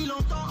si longtemps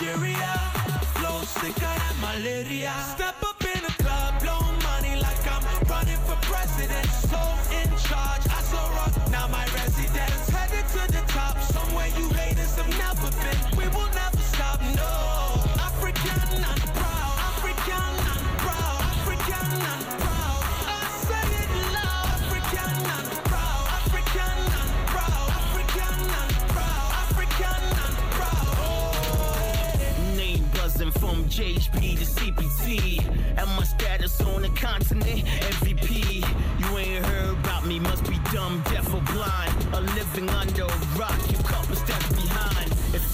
Nigeria. Flow sicker than malaria. Step up in the club, blow money like I'm running for president. So in charge, I so rock, now my residence. Headed to the top, somewhere you haters have never been. We will never stop, no. JHP to CPT. And my status on the continent, MVP. You ain't heard about me, must be dumb, deaf, or blind. A living under a rock, you couple steps behind.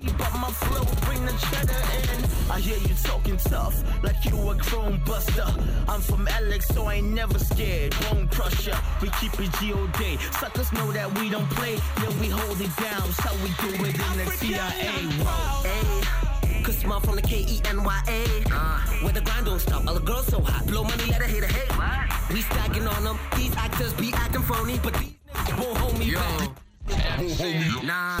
Keep my flow, bring the cheddar in. I hear you talking tough, like you a grown buster. I'm from Alex, so I ain't never scared. will crusher, we keep it G.O.D. Suckers know that we don't play, yeah, we hold it down. So we do it in the CIA. Whoa, Cause small from the K-E-N-Y-A uh, Where the grind don't stop, all the girls so hot Blow money, let her hate her hate what? We stacking on them, these actors be acting phony But these niggas won't hold me Yo. back will Nah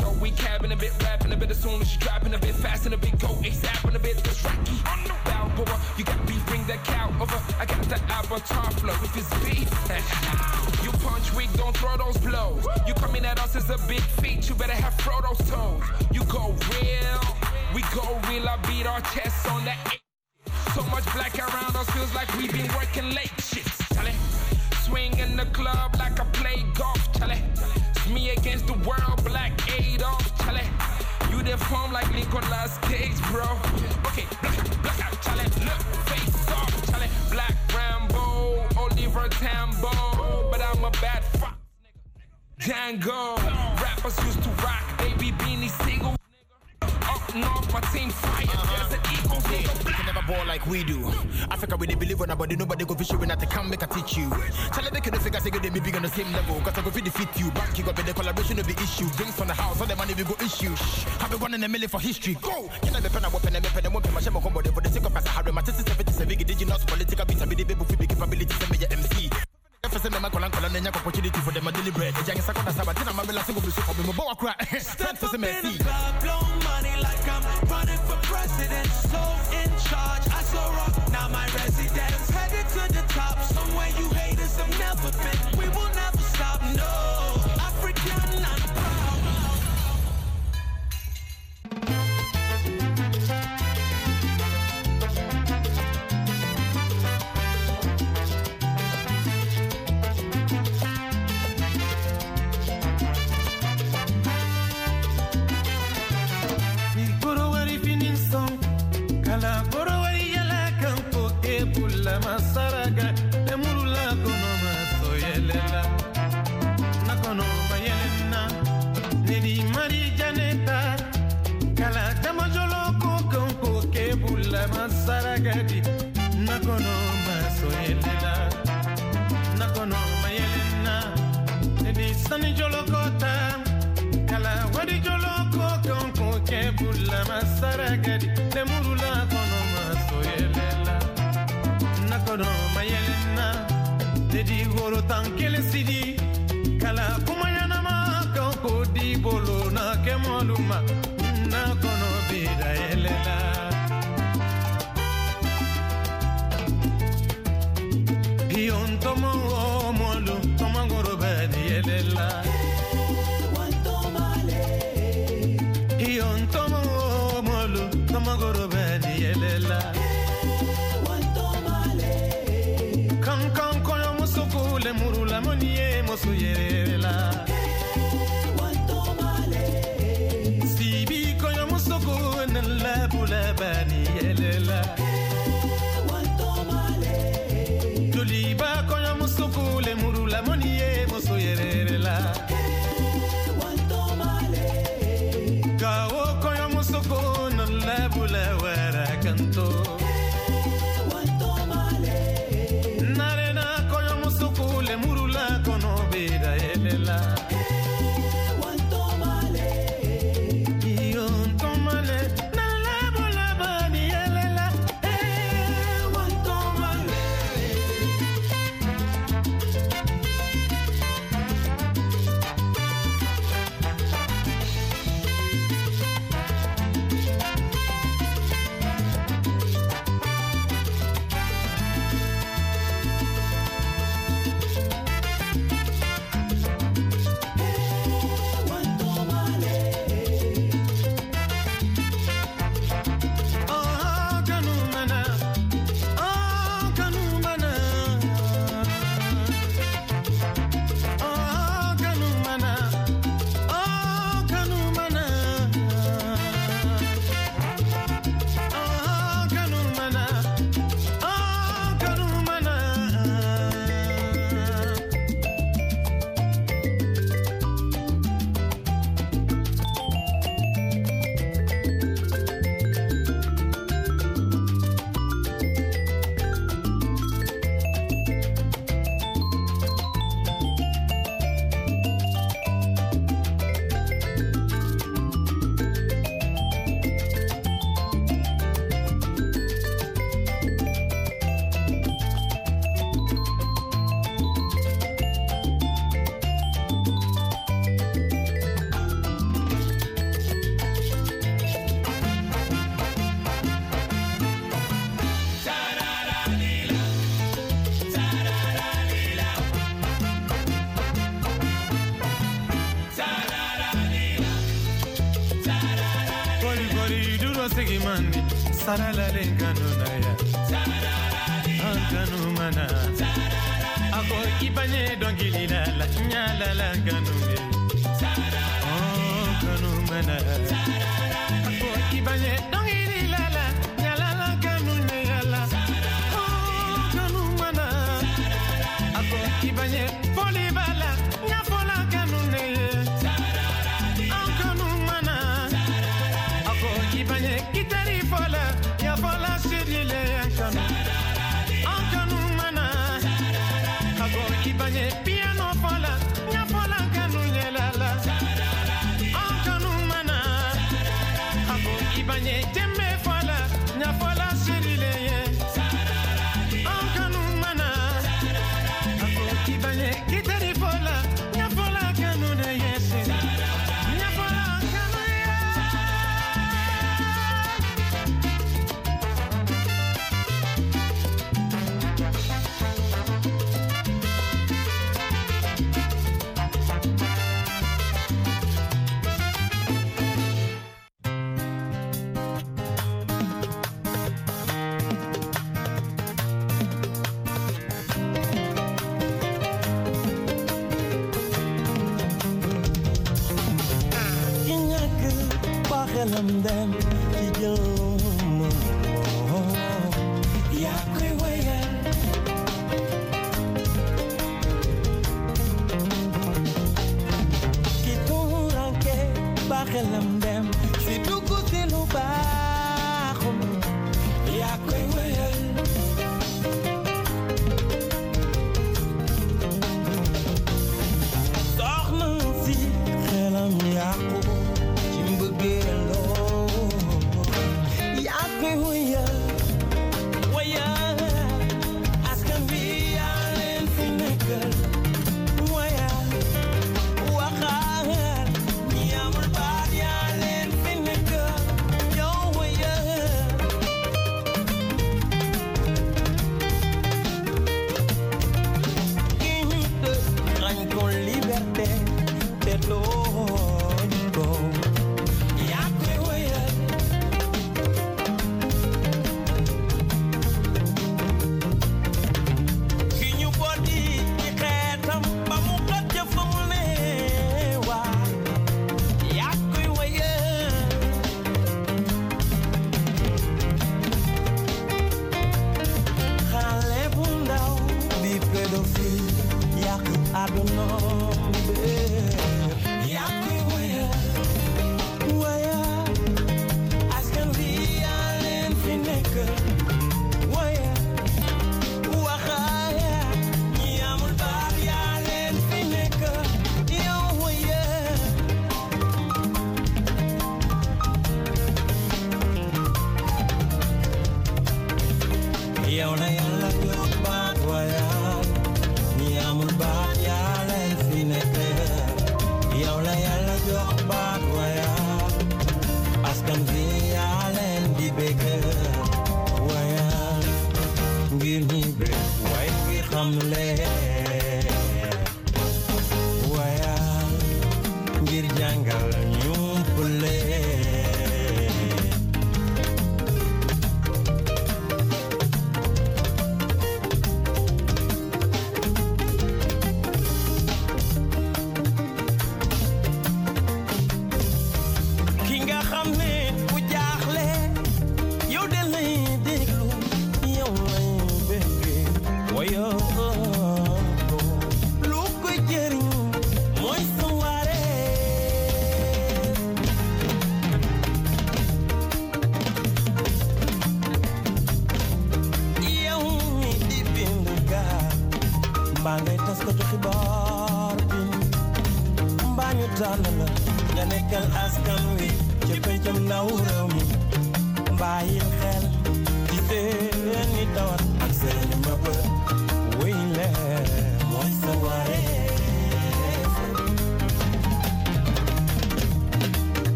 show. We cabbing a bit, rapping a bit as soon as she dropping a bit fast and a bit go ASAP and a bit. It's Rocky bow, the You got beef, bring that cow over. I got that avatar flow. If it's beef, you punch weak, don't throw those blows. You coming at us as a big feat, you better have Frodo's toes. You go real, we go real. I beat our chests on that. So much black around us feels like we've been working late. Shit, Swing in the club like I play golf, Charlie me against the world, black Adolf, Charlie, You deform like Nicolas Cage, bro. Okay, black, black out, chale. Look, face off, Charlie. Black Rambo, Oliver Tambo. But I'm a bad fox, Django. Rappers used to rock, baby beanie single. Up north, my team fire. There's an eagle, nigga, ball like we do. Africa, we they believe on nobody, nobody go fish when I can make I teach you. Charlie, they couldn't figure say they be big on the same level. Cause I go feed defeat you. Back you got the collaboration of the issue. Drinks from the house, all the money we go issue. Shh, I've been running a million for history. Go! Can I be pen and weapon and weapon and weapon? My shame on combo, for the sake of my Sahara, my test is 77. Did you political beats? I be the baby with big capabilities and me your MC. I and you opportunity for them deliberate. The am a Step the blow money like I'm running for president. So in charge, I saw rock, now my residence. Headed to the top, somewhere you haters have never been. We will never stop, no. Kankan kɔɲɔmuso saralalegano na ya antanu mana ako ipanye dongilila la la nyala la gano And then.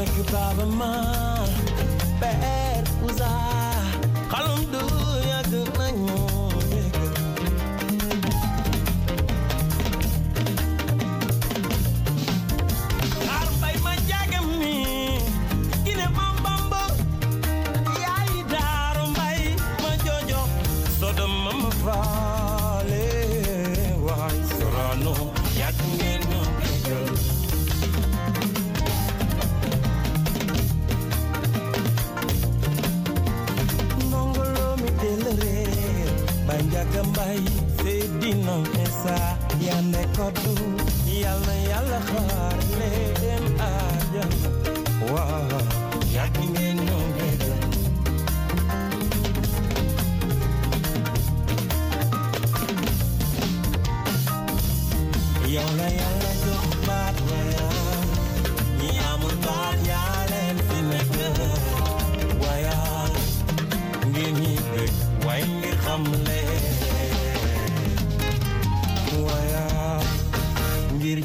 Tek babama ben uzak bay se dina esa yande kodu yalla yalla xaar leen ajal wa yak ngeen no ngeen yalla yalla jox Ya waya ñi amul baat yaa leen fi nekk waya ngeen ñi dëkk way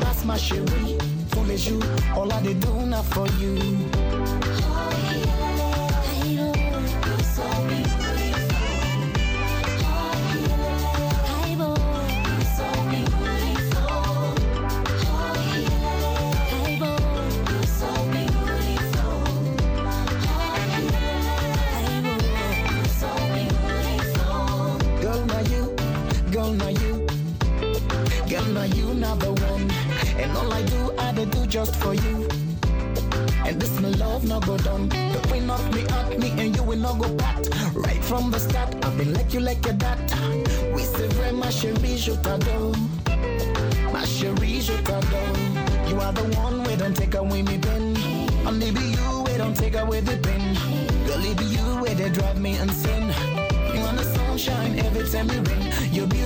That's ma chérie. Tous les jours, all I do now for you. Oh, yeah. And all I do, I do just for you. And this my love no go done. The queen of me up me and you will not go back. Right from the start, I've been like you like a dat. We say very my chérie, je t'adore. My chérie, je t'adore. You are the one we don't take away me pen. Only be you we don't take away the pin. Girl, it be you where they drive me insane. You want the sunshine every time you rain. You're beautiful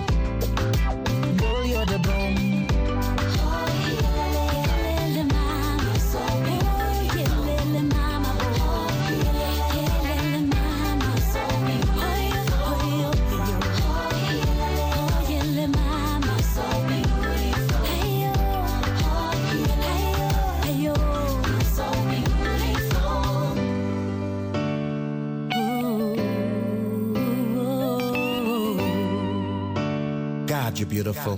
you're beautiful.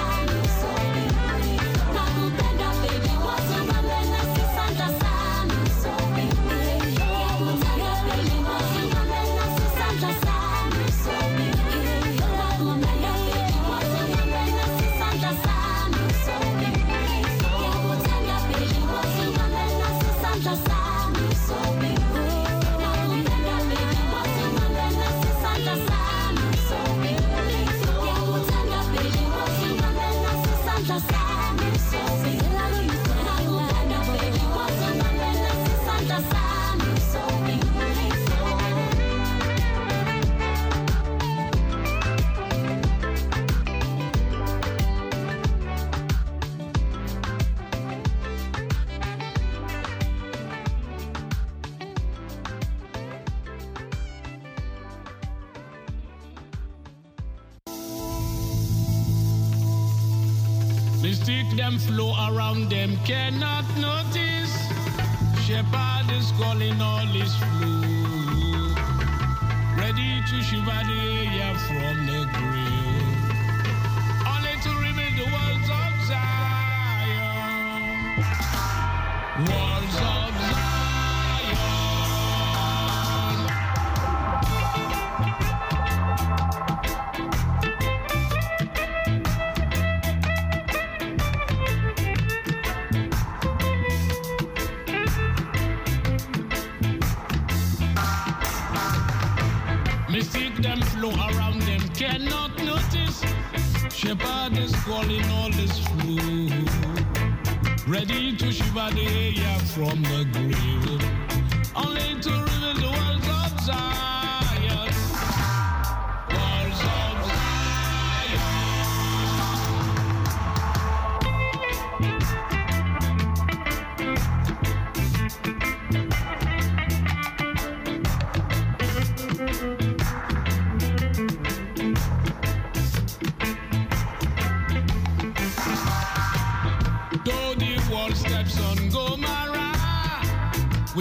from the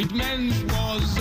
with men's was.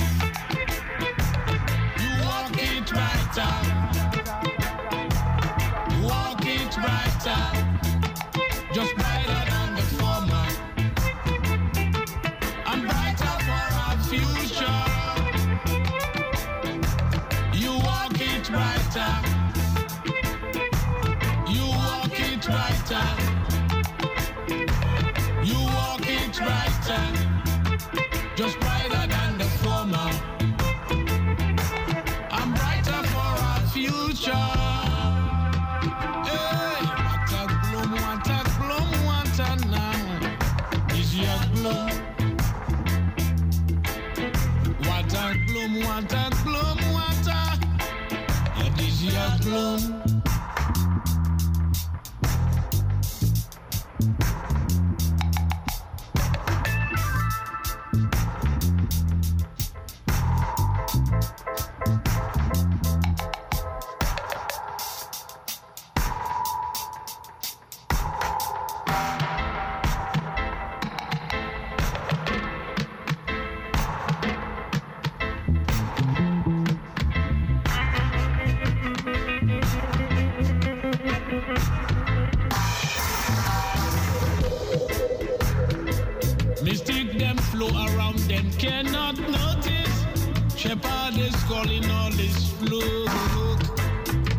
time.